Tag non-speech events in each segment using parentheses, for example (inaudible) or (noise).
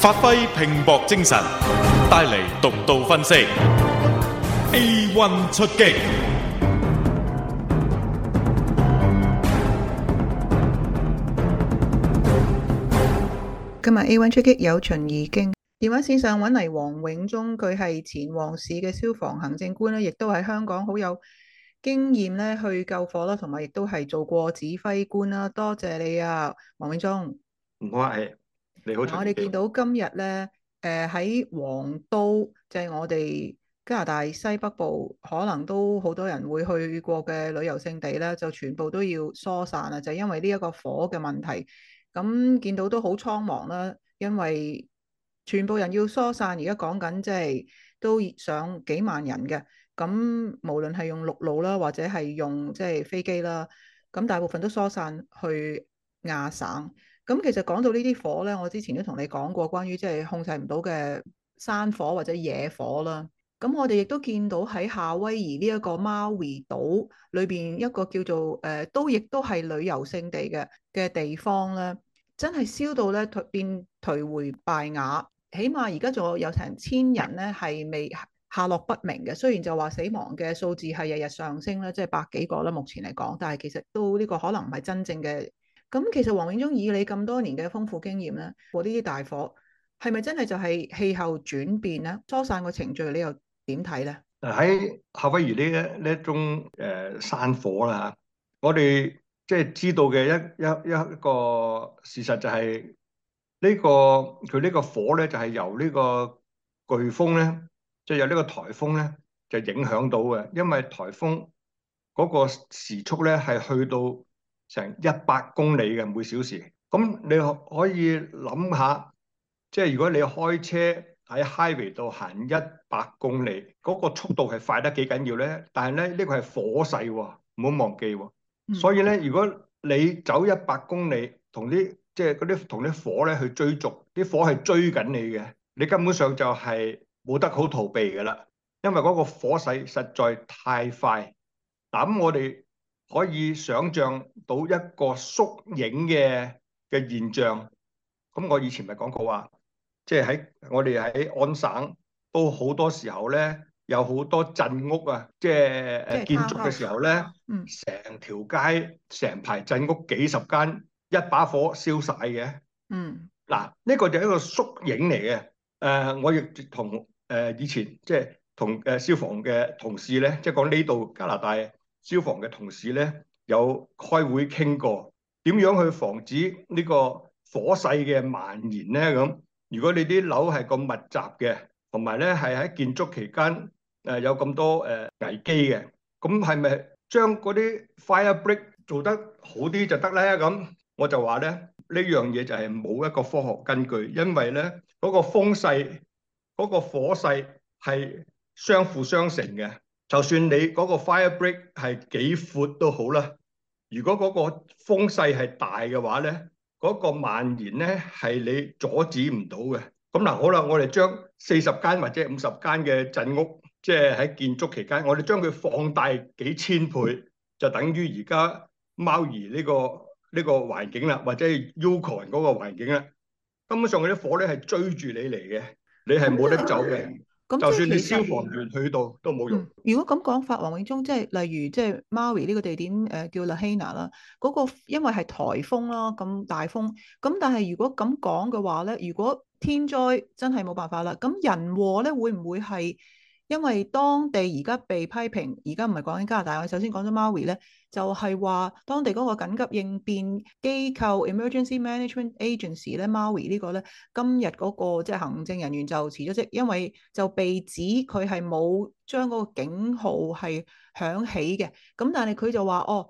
發揮拼搏精神，帶嚟獨到分析。A one 出擊，今日 A one 出擊有秦義經電話線上揾嚟，黃永忠佢係前黃市嘅消防行政官咧，亦都喺香港好有經驗咧，去救火啦，同埋亦都係做過指揮官啦。多謝你啊，黃永忠，唔客嗯、我哋見到今日咧，誒、呃、喺黃刀，即、就、係、是、我哋加拿大西北部，可能都好多人會去過嘅旅遊勝地啦，就全部都要疏散啦，就是、因為呢一個火嘅問題。咁見到都好蒼忙啦，因為全部人要疏散，而家講緊即係都上幾萬人嘅。咁無論係用陸路啦，或者係用即係、就是、飛機啦，咁大部分都疏散去亞省。咁其實講到呢啲火咧，我之前都同你講過，關於即係控制唔到嘅山火或者野火啦。咁我哋亦都見到喺夏威夷呢一個 Maui 島裏邊一個叫做誒、呃，都亦都係旅遊勝地嘅嘅地方咧，真係燒到咧頹垣敗瓦。起碼而家仲有成千人咧係未下落不明嘅。雖然就話死亡嘅數字係日日上升啦，即係百幾個啦。目前嚟講，但係其實都呢個可能唔係真正嘅。咁其實黃永忠以你咁多年嘅豐富經驗咧，過呢啲大火係咪真係就係氣候轉變咧？疏散個程序你又點睇咧？喺夏威夷呢一呢一宗誒山火啦嚇，我哋即係知道嘅一一一個事實就係呢個佢呢個火咧就係由呢個颶風咧，即係由呢個颱風咧就影響到嘅，因為颱風嗰個時速咧係去到。成一百公里嘅每小時，咁你可以諗下，即係如果你開車喺 highway 度行一百公里，嗰個速度係快得幾緊要咧？但係咧呢個係火勢喎，唔好忘記喎。所以咧，如果你走一百公里，同啲即係嗰啲同啲火咧去追逐，啲火係追緊你嘅，你根本上就係冇得好逃避噶啦，因為嗰個火勢實在太快。嗱咁我哋。可以想像到一個縮影嘅嘅現象。咁我以前咪講過話，即係喺我哋喺安省，都好多時候咧，有好多鎮屋啊，即係建築嘅時候咧，成條街成排鎮屋幾十間，一把火燒晒嘅。嗯，嗱呢個就一個縮影嚟嘅。誒，我亦同誒以前即係同誒消防嘅同事咧，即係講呢度加拿大。消防嘅同事咧有開會傾過點樣去防止呢個火勢嘅蔓延咧？咁如果你啲樓係咁密集嘅，同埋咧係喺建築期間誒有咁多誒危機嘅，咁係咪將嗰啲 fire break 做得好啲就得咧？咁我就話咧呢樣嘢、這個、就係冇一個科學根據，因為咧嗰、嗰個風勢嗰、嗰個火勢係相輔相成嘅。就算你嗰個 firebreak 係幾闊都好啦，如果嗰個風勢係大嘅話咧，嗰、嗰個蔓延咧係你阻止唔到嘅。咁嗱，好啦，我哋將四十間或者五十間嘅鎮屋，即係喺建築期間，我哋將佢放大幾千倍，就等於而家貓兒呢、呢個呢、呢個環境啦，或者 Yukon 嗰個環境啦。根本上嗰啲火咧係追住你嚟嘅，你係冇得走嘅。 (noise) 就算你消防員去到實、嗯、都冇用。如果咁講法，王永忠即係例如即係 Maui 呢個地點，誒叫 Lahaina、ah、a 啦，嗰個因為係颱風啦，咁大風，咁但係如果咁講嘅話咧，如果天災真係冇辦法啦，咁人禍咧會唔會係？因為當地而家被批評，而家唔係講緊加拿大，我首先講咗 Maui 咧，就係話當地嗰個緊急應變機構 Emergency Management Agency 咧，Maui 呢個咧，今日嗰個即係行政人員就辭咗職，因為就被指佢係冇將嗰個警號係響起嘅，咁但係佢就話哦。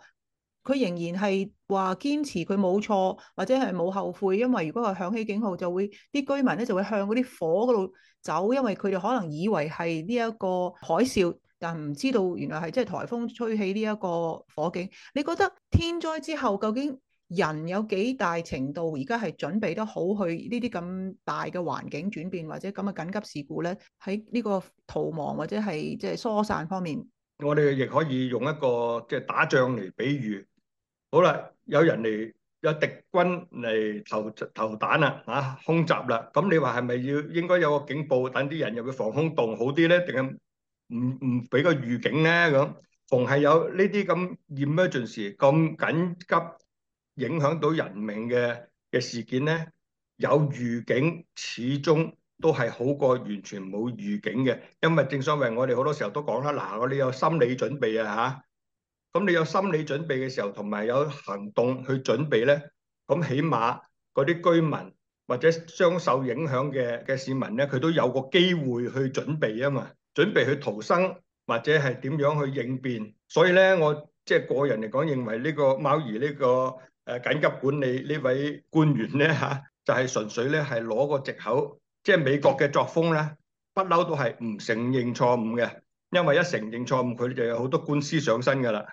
佢仍然係話堅持佢冇錯，或者係冇後悔，因為如果係響起警號，就會啲居民咧就會向嗰啲火嗰度走，因為佢哋可能以為係呢一個海嘯，但唔知道原來係即係颱風吹起呢一個火警。你覺得天災之後究竟人有幾大程度而家係準備得好去呢啲咁大嘅環境轉變或者咁嘅緊急事故咧？喺呢個逃亡或者係即係疏散方面，我哋亦可以用一個即係、就是、打仗嚟比喻。好啦，有人嚟，有敵軍嚟投投彈啦，嚇空襲啦，咁你話係咪要應該有個警報，等啲人入去防空洞好啲咧？定係唔唔俾個預警咧？咁逢係有呢啲咁 emergency、咁緊急、影響到人命嘅嘅事件咧，有預警始終都係好過完全冇預警嘅，因為正所謂我哋好多時候都講啦，嗱，我哋有心理準備啊，嚇。咁你有心理準備嘅時候，同埋有，有行動去準備咧，咁起碼嗰啲居民或者相受影響嘅嘅市民咧，佢都有個機會去準備啊嘛，準備去逃生或者係點樣去應變。所以咧，我即係個人嚟講，認為呢個貓兒呢個誒緊急管理呢位官員咧嚇，就係、是、純粹咧係攞個藉口，即、就、係、是、美國嘅作風咧，不嬲都係唔承認錯誤嘅，因為一承認錯誤，佢哋就有好多官司上身噶啦。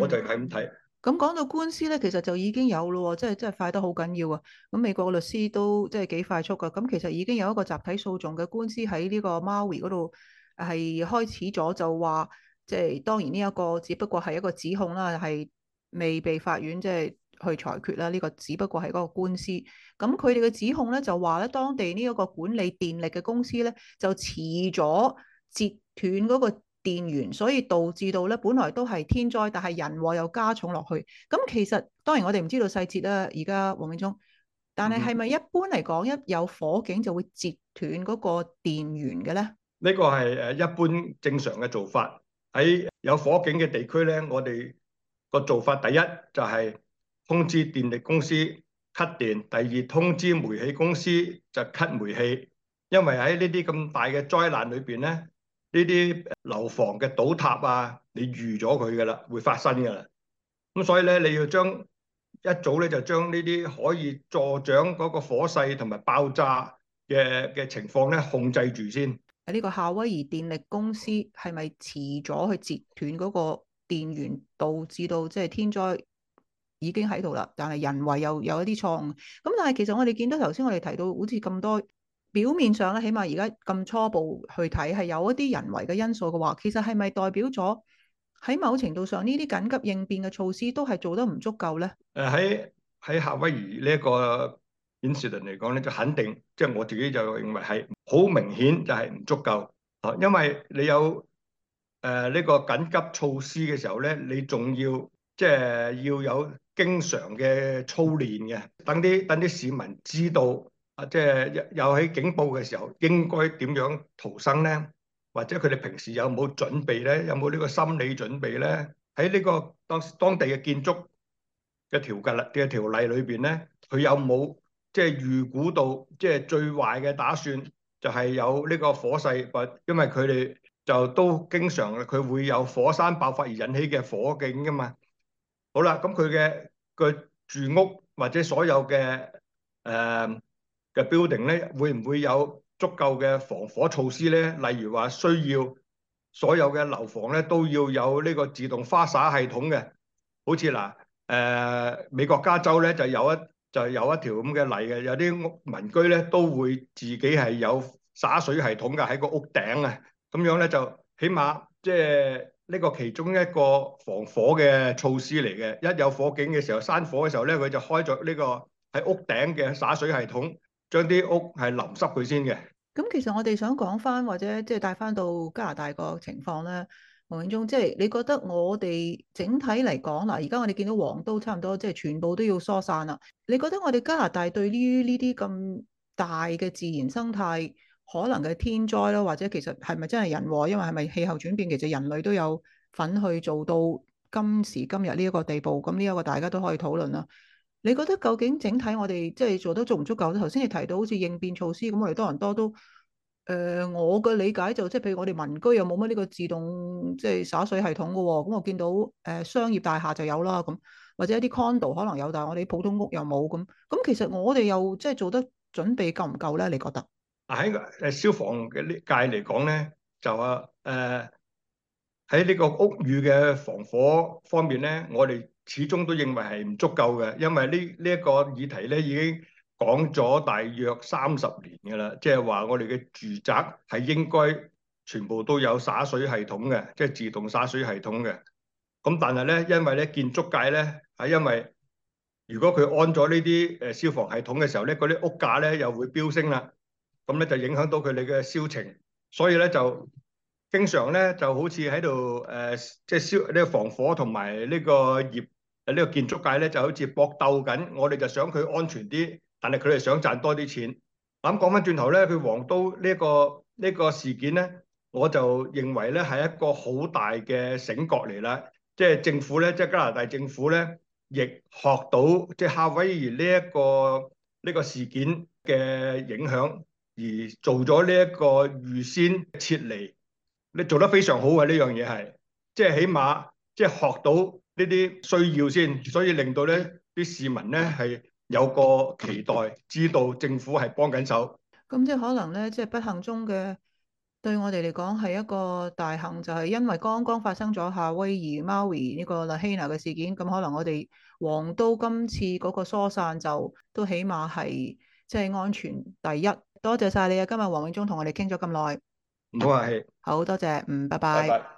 我就係咁睇。咁講、嗯、到官司咧，其實就已經有咯，即係真係快得好緊要啊。咁美國嘅律師都即係幾快速噶。咁其實已經有一個集體訴訟嘅官司喺呢個 Maui 嗰度係開始咗，就話即係當然呢一個只不過係一個指控啦，係未被法院即係、就是、去裁決啦。呢、這個只不過係嗰個官司。咁佢哋嘅指控咧就話咧當地呢一個管理電力嘅公司咧就遲咗截斷嗰、那個。電源，所以導致到咧，本來都係天災，但係人禍又加重落去。咁其實當然我哋唔知道細節啦。而家黃永忠，但係係咪一般嚟講，一有火警就會截斷嗰個電源嘅咧？呢個係誒一般正常嘅做法。喺有火警嘅地區咧，我哋個做法第一就係通知電力公司 cut 電，第二通知煤氣公司就 cut 煤氣。因為喺呢啲咁大嘅災難裏邊咧。呢啲樓房嘅倒塌啊，你預咗佢㗎喇，會發生㗎喇。咁所以咧，你要將一早咧就將呢啲可以助長嗰個火勢同埋爆炸嘅嘅情況咧控制住先。喺呢個夏威夷電力公司係咪遲咗去截斷嗰個電源，導致到即係天災已經喺度喇？但係人為又有一啲錯誤。咁但係其實我哋見到頭先我哋提到，好似咁多。表面上咧，起碼而家咁初步去睇係有一啲人為嘅因素嘅話，其實係咪代表咗喺某程度上呢啲緊急應變嘅措施都係做得唔足夠咧？誒喺喺夏威夷呢一個 incident 嚟講咧，就肯定即係、就是、我自己就認為係好明顯就係唔足夠啊！因為你有誒呢、呃呢個緊急措施嘅時候咧，你仲要即係、就是、要有經常嘅操練嘅，等啲等啲市民知道。啊！即係又喺警報嘅時候，應該點樣逃生咧？或者佢哋平時有冇準備咧？有冇呢個心理準備咧？喺呢個當當地嘅建築嘅條格律嘅條例裏邊咧，佢有冇即係預估到即係最壞嘅打算，就係有呢個火勢，或因為佢哋就都經常佢會有火山爆發而引起嘅火警㗎嘛？好啦，咁佢嘅佢住屋或者所有嘅誒。嘅 building 咧，會唔會有足夠嘅防火措施咧？例如話需要所有嘅樓房咧都要有呢個自動花灑系統嘅。好似嗱，誒、呃、美國加州咧就有一就有一條咁嘅例嘅，有啲屋民居咧都會自己係有灑水系統嘅喺個屋頂啊。咁樣咧就起碼即係呢個其中一個防火嘅措施嚟嘅。一有火警嘅時候，山火嘅時候咧，佢就開咗呢個喺屋頂嘅灑水系統。將啲屋係淋濕佢先嘅。咁其實我哋想講翻，或者即係帶翻到加拿大個情況咧。黃永忠，即係你覺得我哋整體嚟講嗱，而家我哋見到黃都差唔多，即係全部都要疏散啦。你覺得我哋加拿大對於呢啲咁大嘅自然生態可能嘅天災啦，或者其實係咪真係人禍？因為係咪氣候轉變，其實人類都有份去做到今時今日呢一個地步。咁呢一個大家都可以討論啦。你覺得究竟整體我哋即係做得足唔足夠咧？頭先你提到好似應變措施咁，我哋多倫多都誒、呃，我嘅理解就即、是、係譬如我哋民居又冇乜呢個自動即係、就是、灑水系統嘅喎，咁我見到誒、呃、商業大廈就有啦，咁或者一啲 condo 可能有，但係我哋普通屋又冇咁。咁其實我哋又即係做得準備夠唔夠咧？你覺得？喺誒消防嘅呢界嚟講咧，就啊誒喺呢個屋宇嘅防火方面咧，我哋。始終都認為係唔足夠嘅，因為呢呢一個議題咧已經講咗大約三十年㗎啦，即係話我哋嘅住宅係應該全部都有灑水系統嘅，即係自動灑水系統嘅。咁但係咧，因為咧建築界咧係因為如果佢安咗呢啲誒消防系統嘅時候咧，嗰啲屋價咧又會飆升啦，咁咧就影響到佢哋嘅銷情，所以咧就經常咧就好似喺度誒，即係消呢個防火同埋呢個業。呢個建築界咧，就好似搏鬥緊。我哋就想佢安全啲，但係佢哋想賺多啲錢。咁講翻轉頭咧，佢黃刀呢一個呢個事件咧，我就認為咧係一個好大嘅醒覺嚟啦。即係政府咧，即係加拿大政府咧，亦學到即係夏威夷呢一個呢個事件嘅影響，而做咗呢一個預先撤離，你做得非常好啊！呢樣嘢係即係起碼即係學到。呢啲需要先，所以令到咧啲市民咧係有個期待，知道政府係幫緊手。咁即係可能咧，即係不幸中嘅，對我哋嚟講係一個大幸，就係、是、因為剛剛發生咗夏威夷貓 a 呢個拉希娜嘅事件，咁可能我哋黃都今次嗰個疏散就都起碼係即係安全第一。多謝晒你啊，今日黃永忠同我哋傾咗咁耐，唔好客好多謝，嗯，拜拜。拜拜。